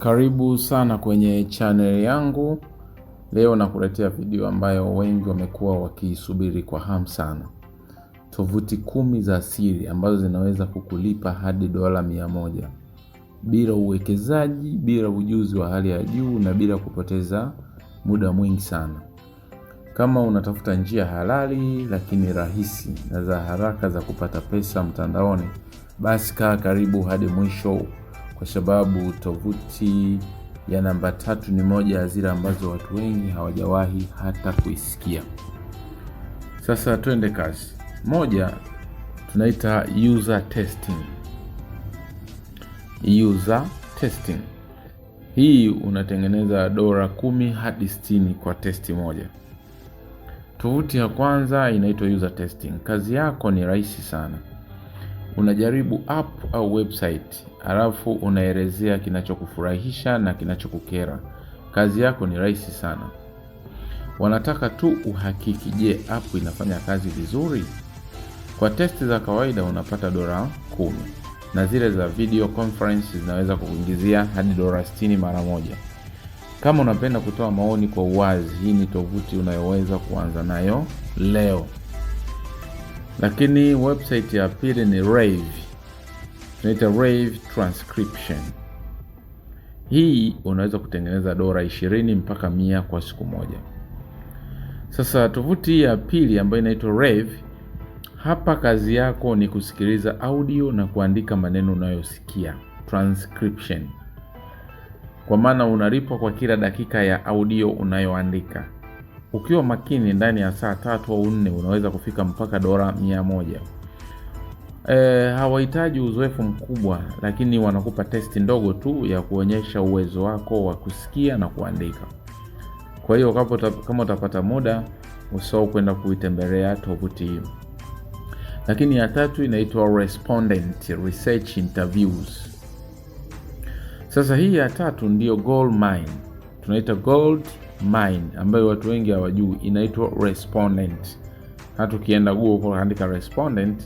Karibu sana kwenye channel yangu. Leo nakuletea video ambayo wengi wamekuwa wakiisubiri kwa hamu sana, tovuti kumi za siri ambazo zinaweza kukulipa hadi dola mia moja bila uwekezaji, bila ujuzi wa hali ya juu na bila kupoteza muda mwingi sana. Kama unatafuta njia halali lakini rahisi na za haraka za kupata pesa mtandaoni, basi kaa karibu hadi mwisho kwa sababu tovuti ya namba tatu ni moja ya zile ambazo watu wengi hawajawahi hata kuisikia. Sasa twende kazi. Moja tunaita user testing. User testing hii unatengeneza dola kumi hadi sitini kwa testi moja. Tovuti ya kwanza inaitwa user testing. Kazi yako ni rahisi sana unajaribu app au website alafu unaelezea kinachokufurahisha na kinachokukera. Kazi yako ni rahisi sana. Wanataka tu uhakiki, je, app inafanya kazi vizuri? Kwa testi za kawaida unapata dola kumi na zile za video conference zinaweza kukuingizia hadi dola 60 mara moja. Kama unapenda kutoa maoni kwa uwazi, hii ni tovuti unayoweza kuanza nayo leo. Lakini website ya pili ni Rave, tunaita Rave transcription. Hii unaweza kutengeneza dora 20 mpaka mia kwa siku moja. Sasa tovuti ya pili ambayo inaitwa Rave, hapa kazi yako ni kusikiliza audio na kuandika maneno unayosikia transcription, kwa maana unalipwa kwa kila dakika ya audio unayoandika. Ukiwa makini, ndani ya saa tatu au nne unaweza kufika mpaka dola mia moja. E, hawahitaji uzoefu mkubwa, lakini wanakupa testi ndogo tu ya kuonyesha uwezo wako wa kusikia na kuandika. Kwa hiyo kama utapata muda usao kwenda kuitembelea tovuti hiyo. Lakini ya tatu inaitwa respondent research interviews. Sasa hii ya tatu ndiyo gold mine tunaita gold mine ambayo watu wengi hawajui, inaitwa Respondent. Hata ukienda Google ukaandika Respondent,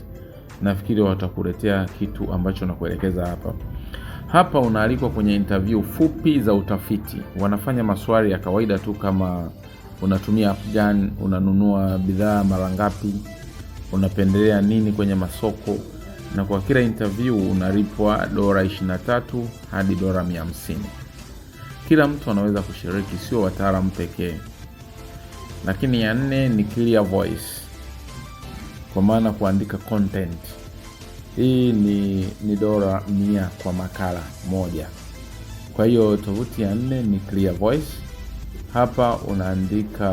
nafikiri watakuletea kitu ambacho nakuelekeza hapa. Hapa unaalikwa kwenye interview fupi za utafiti. Wanafanya maswali ya kawaida tu kama unatumia app gani, unanunua bidhaa mara ngapi, unapendelea nini kwenye masoko, na kwa kila interview unalipwa dola 23 hadi dola 50 kila mtu anaweza kushiriki, sio wataalamu pekee. Lakini ya nne ni clear voice, kwa maana kuandika content. Hii ni, ni dola mia kwa makala moja. Kwa hiyo tovuti ya nne ni clear voice. Hapa unaandika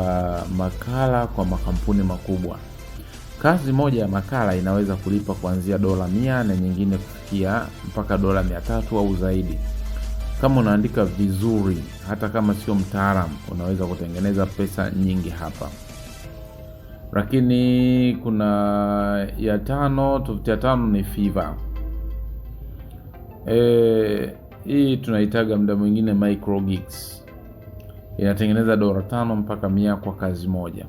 makala kwa makampuni makubwa. Kazi moja ya makala inaweza kulipa kuanzia dola mia na nyingine kufikia mpaka dola mia tatu au zaidi. Kama unaandika vizuri, hata kama sio mtaalamu, unaweza kutengeneza pesa nyingi hapa. Lakini kuna ya tano, tovuti ya tano ni Fiverr. E, hii tunahitaga muda mwingine micro gigs. Inatengeneza dola tano mpaka mia kwa kazi moja.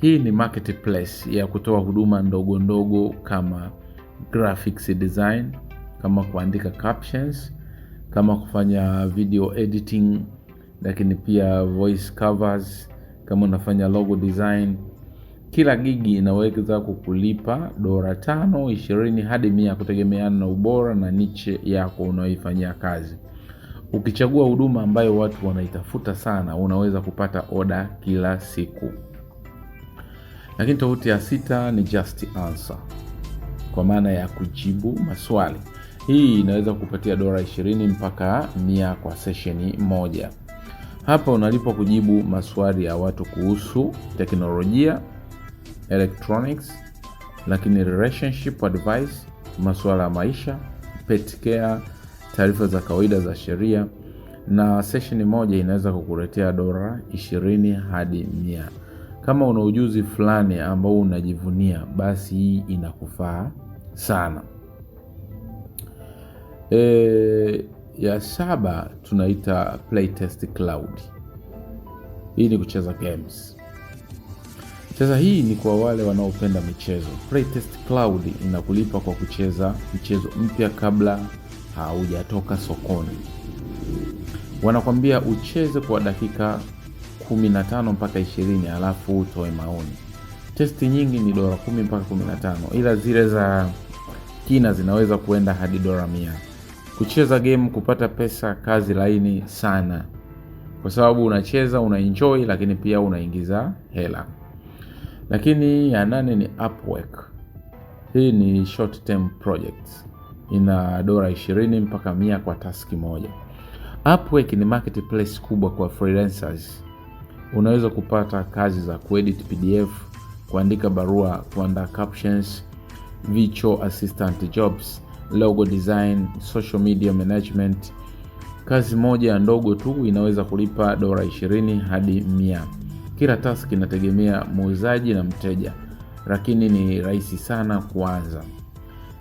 Hii ni marketplace ya kutoa huduma ndogo ndogo kama graphics design, kama kuandika captions kama kufanya video editing, lakini pia voice covers, kama unafanya logo design. Kila gigi inaweza kukulipa dola tano, ishirini hadi mia kutegemeana na ubora na niche yako unaoifanyia kazi. Ukichagua huduma ambayo watu wanaitafuta sana, unaweza kupata oda kila siku. Lakini tofauti ya sita ni just answer, kwa maana ya kujibu maswali. Hii inaweza kupatia dola 20 mpaka 100 kwa sesheni moja. Hapa unalipwa kujibu maswali ya watu kuhusu teknolojia, electronics, lakini relationship advice, masuala ya maisha, pet care, taarifa za kawaida za sheria, na sesheni moja inaweza kukuletea dola 20 hadi 100. Kama una ujuzi fulani ambao unajivunia, basi hii inakufaa sana. E, ya saba tunaita playtest cloud. Hii ni kucheza games. Sasa hii ni kwa wale wanaopenda michezo. Playtest cloud inakulipa kwa kucheza mchezo mpya kabla haujatoka sokoni. Wanakwambia ucheze kwa dakika 15 mpaka 20, alafu utoe maoni. Testi nyingi ni dola 10 mpaka 15, ila zile za kina zinaweza kuenda hadi dola mia kucheza game kupata pesa kazi laini sana, kwa sababu unacheza una enjoy lakini pia unaingiza hela. Lakini ya nane ni Upwork. Hii ni short term project, ina dola 20 mpaka mia kwa taski moja. Upwork ni marketplace kubwa kwa freelancers. Unaweza kupata kazi za kuedit PDF, kuandika barua, kuandaa captions, virtual assistant jobs logo design, social media management. Kazi moja ndogo tu inaweza kulipa dola ishirini hadi mia. Kila task inategemea muuzaji na mteja, lakini ni rahisi sana kuanza.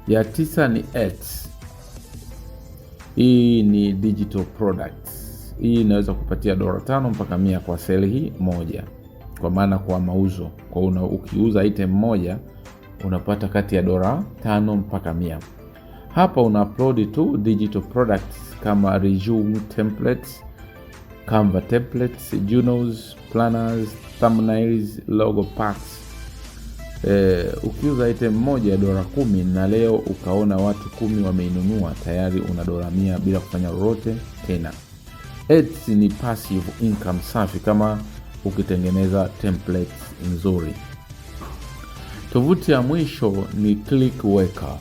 Ya tisa ni ads. Hii ni digital products. Hii inaweza kupatia dola tano mpaka mia kwa seli hii moja, kwa maana kwa mauzo, kwa una ukiuza item moja unapata kati ya dola tano mpaka mia. Hapa una upload tu digital products kama resume templates, Canva templates, journals, planners, thumbnails, logo packs. Eh, ukiuza item moja ya dola kumi na leo ukaona watu kumi wameinunua tayari una dola mia bila kufanya lolote tena. Ads ni passive income safi kama ukitengeneza templates nzuri. Tovuti ya mwisho ni Clickworker.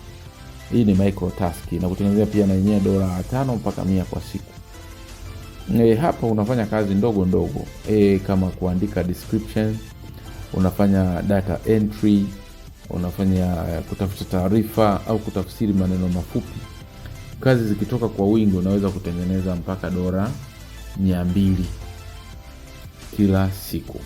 Hii ni micro task na kutengenezea pia na yenyewe dola tano mpaka mia kwa siku. E, hapa unafanya kazi ndogo ndogo e, kama kuandika description, unafanya data entry, unafanya kutafuta taarifa au kutafsiri maneno mafupi. Kazi zikitoka kwa wingi unaweza kutengeneza mpaka dola mia mbili kila siku.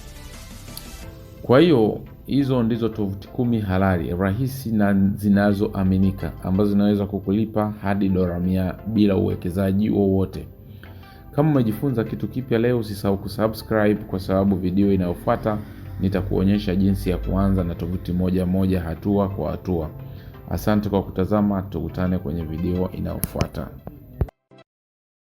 Kwa hiyo Hizo ndizo tovuti kumi halali rahisi na zinazoaminika ambazo zinaweza kukulipa hadi dola mia bila uwekezaji wowote. Kama umejifunza kitu kipya leo, usisahau kusubscribe kwa sababu video inayofuata nitakuonyesha jinsi ya kuanza na tovuti moja moja, hatua kwa hatua. Asante kwa kutazama, tukutane kwenye video inayofuata.